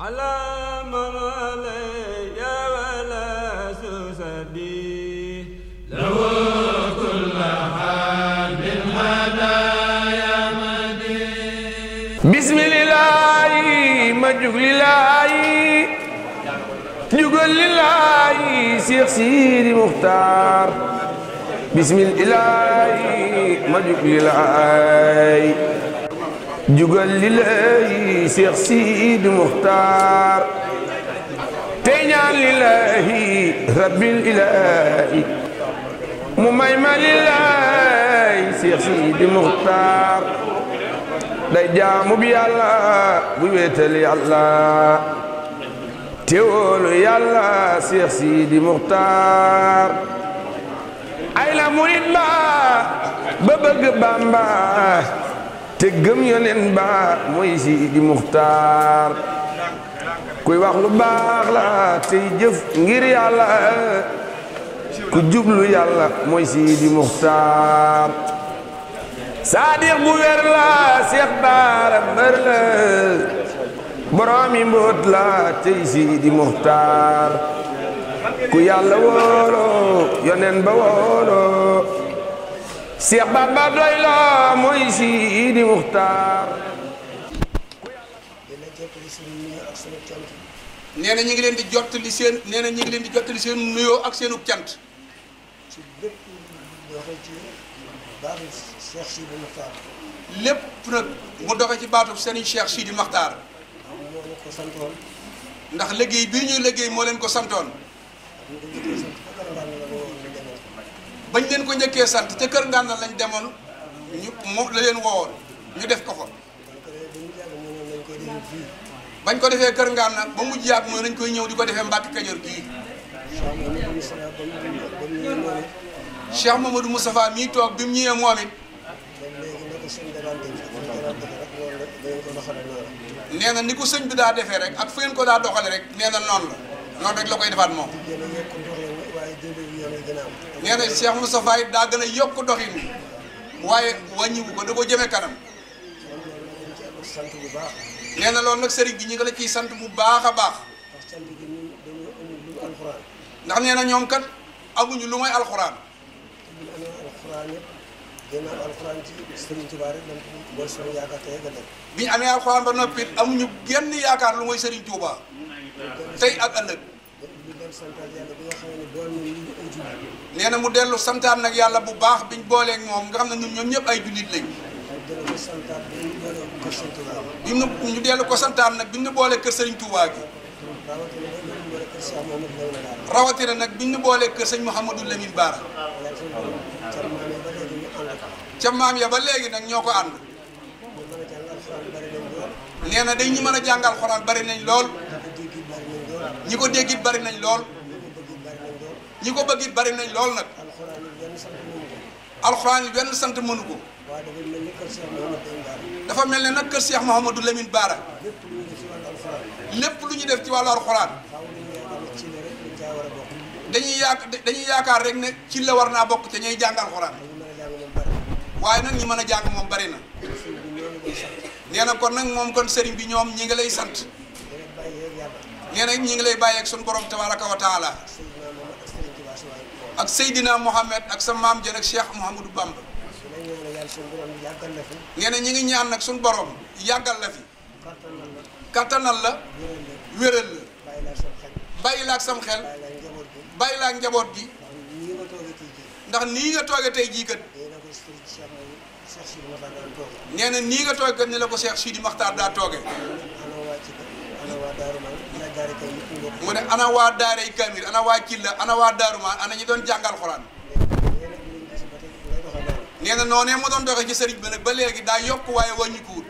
على من يا ولا سسدي لو كل حال بالهدايا مدي بسم الله مجهول الله يقول لله شيخ سيدي مختار بسم الله مجهول الله جوجل لي شيخ سيد مختار تينا لله رب الاله مميمل لله شيخ سيد مختار داي جام بي الله بو ويتل الله تيول يا الله شيخ سيد مختار اي لا مريد ما ببغ بامبا te gem yonen ba moy si di muxtar kuy wax lu bax la te jëf ngir yalla ku jublu yalla moy si di muxtar sadiq bu wer la cheikh baara mbër la boroomi la te si di muxtar ku yalla wolo, yonen ba wolo. Seex Bamba doy la mooy Sidi Muxtaar nee ñu ngi leen di jottali seen nee na ñu ngi leen di jottali seen nuyoo ak seenu cant. ci lépp mu doxee ci baatu Cheikh Sidi Makhtar. lépp nag mu doxee ci baatu Serigne Cheikh Sidi Makhtar. ndax liggéey bi ñuy liggéey moo leen ko santoon. bañ leen ko njëkkee sant ca kër ngànna lañ demoon ñu moom la leen woowoon ñu def ko fa bañ ko defee kër ngànna ba mujj yàgg mooy nañ koy ñëw di ko defee Mbàkke Kajoor gii Cheikh Mamadou Moustapha mii toog bi mu ñëwee moom it nee na ni ko sëñ bi daa defee rek ak fu ngeen ko daa doxale rek nee na noonu la noonu rek la koy defaat moom nee na Cheikh Moustapha it daa gën a yokk doxin waaye wàññiwu ko da ko jëme kanam nee na loolu nag sëriñ gi ñu ngi la ciy sant bu baax a baax ndax nee na ñoom kat amuñu lu may alxuraan génnaaw alxuraan ci Serigne Touba rek man mooy sama yaakaar ñu amee alxuraan ba noppi amuñu genn yaakaar lu mooy Serigne Touba tey ak ëllëg. nee na mu dellu santaat nag yàlla bu baax biñ booleeg moom nga xam ne ñun ñoom ñëpp ay jullit lañ. bi ñu ñu dellu ko santaat nag bi ñu boolee kër Serigne Touba gi. rawatina nag bi ñu boolee kër sëñ Mouhamadou Lamine Bara. ca maam ya ba léegi nag ñoo ko ànd. nee na dañ ñu mën a jàngal xoraan bari nañ lool. ñi ko dégg bari nañ lool ñi ko bëgg bari nañ lool nag alxuraan yi benn sant mënu ko dafa mel ne nag kër Cheikh Mouhamadou Lamine Bara lépp lu ñu def ci wàllu alxuraan dañuy yaak dañuy yaakaar rek ne ci la war naa bokk te ñuy jàng alxuraan waaye nag ñi mën a jàng moom bari na nee na kon nag moom kon sëriñ bi ñoom ñi ngi lay sant nee na ñi ngi lay bàyyeek suñu borom tabaraka wa taala ak Seydina Mohamed ak sa maam jën ak Cheikh Mouhamadou Bamba nee na ñi ngi ñaan nag suñu boroom yàggal la fi kattanal la wéral la bàyyi la ak sam xel bàyyi la ak njaboot bi ndax nii nga tooge tey jii kat nee na nii nga tooge ni la ko Cheikh Sidi Makhtar daa tooge mu ne ana waa daaray Kamil ana waa Cilla ana waa Daarumaan ana ñi doon jàngal xuraan nee na noonee mu doon doxee ci sëriñ bi nag ba léegi daa yokk waaye wàññikuwut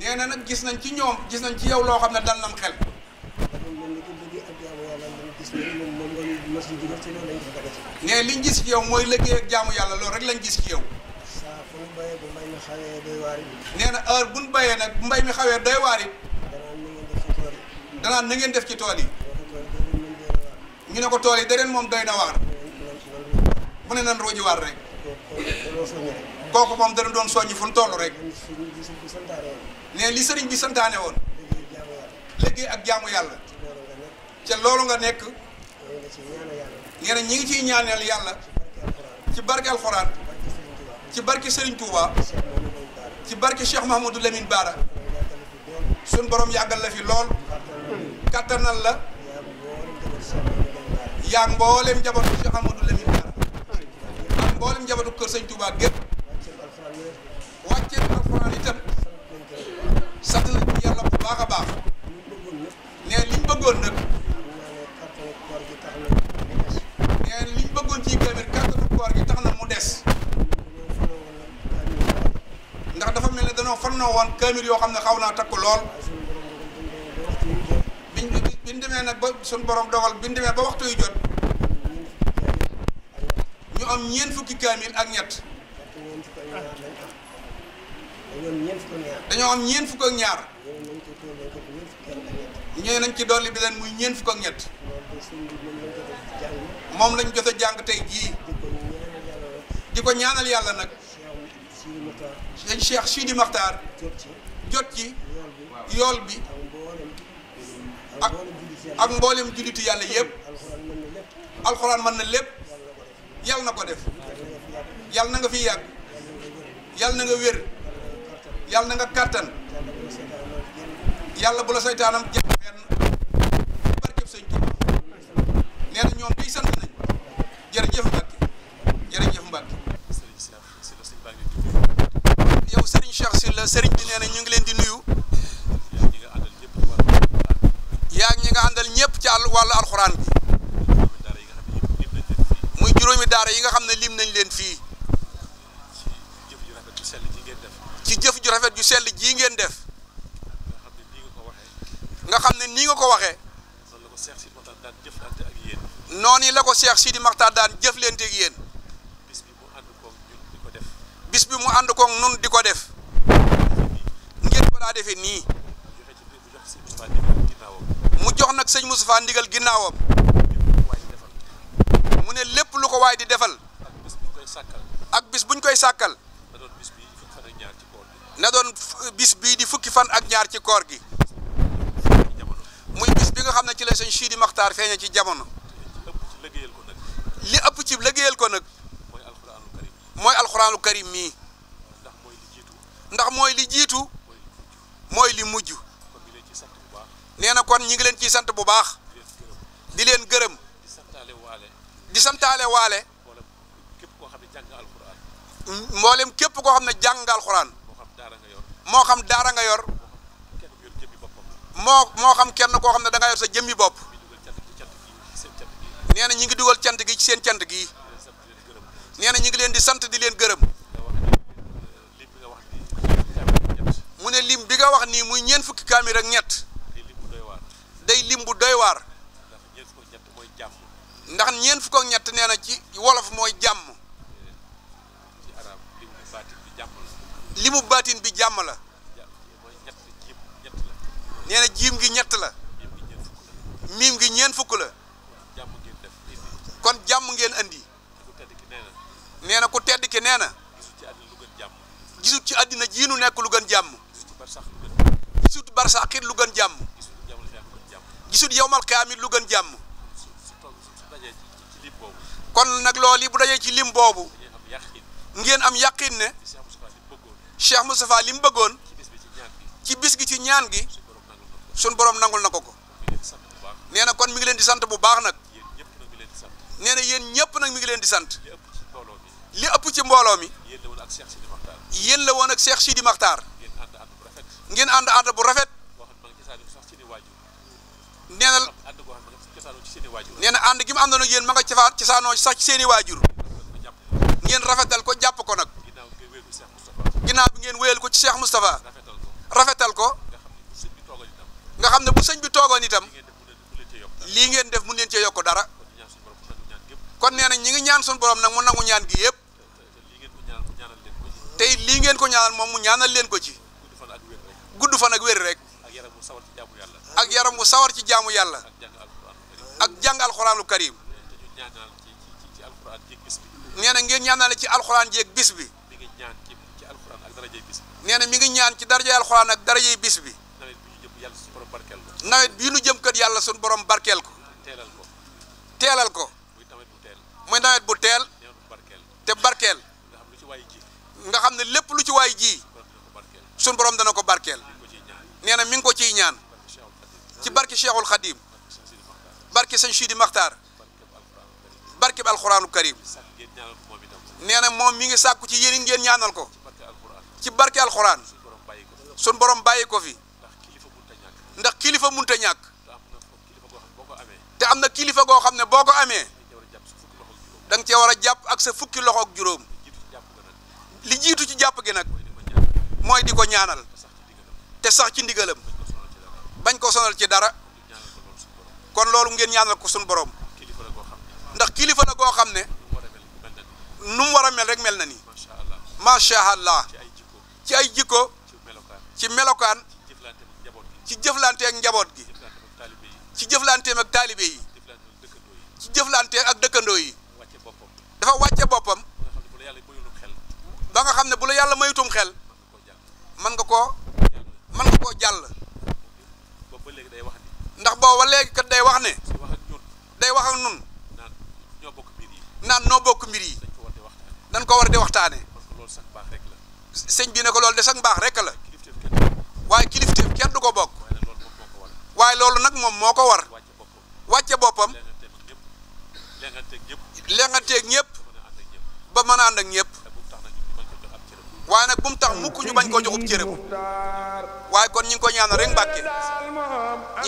nee na nag gis nañ ci ñoom gis nañ ci yow loo xam ne dal nam xel ne liñ gis ci yow mooy liggéey ak jaamu yàlla loolu rek lañ gis ci yow bayee bu mbay mi xawee doy waar na heure bu ñu bayee nag mbay mi xawee doy waar it. danaan na ngeen def ci tool yi. ñu ne ko tool yi deneen moom doy na waar. mu ne nan ruuji waar rek. kooku moom dana doon soññi fu mu toll rek. ne li sëriñ bi santaane woon. liggéey ak jaamu yàlla. ca loolu nga nekk. nee na ñi ngi ciy ñaaneel yàlla. ci barke alxuraan. ci barke Serigne Touba ci barke Cheikh Mahamadou Lamine Bara sun borom yàggal la fi lool kattanal la yaa mboolem njabootu Cheikh Mahamadou Lamine Bara ak mboolem njabootu kër Serigne Touba woon kaamil yoo xam ne xaw naa takk lool biñ biñ demee nag ba suñ borom dogal biñ demee ba waxtu yu jot ñu am ñeent fukki kaamil ak ñett dañoo am ñeent fukk ak nañ ci dolli bi muy ñeent fukk ak ñett moom lañ jot a jàng tey jii di ko ñaanal yàlla nag. sëñ Cheikh Sidi Makhtar jot ci yool bi ak mboolem julliti yàlla yëpp alxuraan mën na lépp yàlla na ko def yàlla na nga fi yàgg yàlla na nga wér yàlla na nga kàttan yàlla bu la saytaanam jàpp fenn barkeb sëñ Tuubaa nee sant nañ jërëjëf la serigne bi neena ñu ngi leen di nuyu yaa ngi ñi nga andal ñepp ci àll wàllu alxuraan bi muy juroomi daara yi nga xamne lim nañ leen fi ci jëf ju rafet ju sel ji ngeen def nga xamne ni nga ko waxee noonu la ko cheikh Sidi Maxtaar daan jëflante ak yeen bis bi mu ànd koog nun di ko def ko daa defee nii mu jox nag sëñ Moustapha ndigal ginnaawam mu ne lépp lu ko waay di defal ak bis buñ koy sàkkal na doon bis bii di fukki fan ak ñaar ci koor gi muy bis bi nga xam ne ci la sëñ Sidi Maxtaar feeña ci jamono li ëpp ci liggéeyal ko nag mooy alxuraanu karim mii ndax mooy li jiitu mooy li mujj nee na kon ñi ngi leen ciy sant bu baax di leen gërëm di santaale waale mboolem képp koo xam ne jàng nga alxuraan moo xam daara nga yor moo moo xam kenn koo xam ne danga yor sa jëmmi bopp nee na ñi ngi dugal cant gi ci seen cant gi nee na ñi ngi leen di sant di leen gërëm mu ne lim bi nga wax ni muy ñeen fukki kaamir ak ñett day lim bu doy war ndax ñeen fukk ak ñett neena ci wolof mooy jàmm limu baatin bi jàmm la neena jiim gi ñett la mim gi ñeen fukk la kon jàmm ngeen andi neena ku tedd ki neena gisut ci àddina jiinu nekk lu gën jàmm gisut sa lu lugan jamu. gisut yowmal kaamil lu lugan jam kon nag loli bu dajee ci lim bobu ngeen am yaqin ne cheikh moustapha lim beggone ci bis gi ci ñaan gi sun borom nangul nako ko neena kon mi ngi len di sante bu baax nak neena na ñepp nak mi ngi len di sante li ëpp ci mbolo mi yeen la won ak Cheikh Sidi Makhtar ngeen and and bu rafet nee na nee na ànd gi mu andono yeen ma nga ci faat ci saano ci seen seeni wajur ngeen rafetal ko japp ko nak ginaaw bi ngeen weyel ko ci Cheikh mustafa rafetal ko nga xamne bu sëñ bi togo nitam li ngeen def mu ngeen ci yokko dara kon neena ñi nga ñaan suñu borom nak mu nangu ñaan gi yeb tay li ngeen ko ñaanal mom mu ñaanal leen ko ci gudd fan ak wér rek ak yaram bu sawar ci jaamu yalla ak jang bu sawar karim neena ngeen ñaanal ci alquran jeek bis bi neena mi ngi ñaan ci darajay alquran ak daraje bis bi nawet bi ñu jëm kat yalla sun borom barkel. ko telal ko moy nawet bu tel te barkel nga xamne lepp lu ci way ji sun borom dana ko barkel neena mi ngi ko ciy ñaan ci barki cheikhul khadim barki seigne chidi makhtar barki alquranul karim neena mom mi ngi sakku ci yeen ngeen ñaanal ko ci barki alquran sun borom ko fi ndax kilifa munta ñak te amna kilifa go xamne boko amé dang ci wara japp ak sa fukki loxok juroom li jitu ci japp gi nak moy diko ñaanal te sax ci ndigalam bañ ko sonal ci dara kon lolu ngeen ñaanal ko sun borom ndax kilifa la go xamne nu mu wara mel rek mel na ni sha allah ci ay jiko ci melokan ci jëflante ak njabot gi ci jëflanteem ak taalibe yi ci jëflante ak dekkando yi dafa wacce bopam ba nga xamne bu la yalla mayutum xel man nga ko man ko jall jàll. boobu ba léegi day wax ni. ndax booba léegi kat day wax ne. wax ak ñun. day wax ak ñun. naan ñoo bokk mbir yi. naan bokk mbir yi. dañ ko war di waxtane parce que sax baax rek la. bi ne ko de sax baax rek la. kilifteef kenn du ko bokk. mom moko war wacce bopam ak ak ba and ak waa nag bu mu tax mukk ñu bañ koo joxub cërëm waaye kon ñu ngi ko ñaanal rek Mbàkke ñi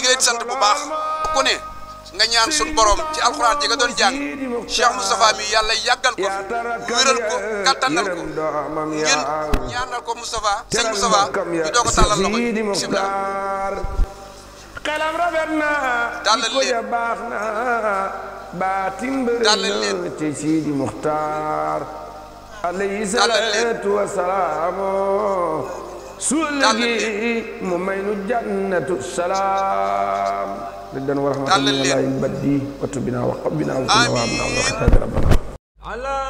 ngi leen di sant bu baax ku ne nga ñaan suñu borom ci alxuraan ji nga doon jàng Cheikh mi yàlla yàggal ko fi wéral ko kattanal ko ngeen ñaanal ko Moustapha sëñ Moustapha ñu doog a tàllal loxo alayhi salaatu wa salaamu suula gi mu may nu jannatu salaam riddan wa rahmatullahi baddi wa tubina wa qabbina wa kunna wa amna wa xatabi rabbana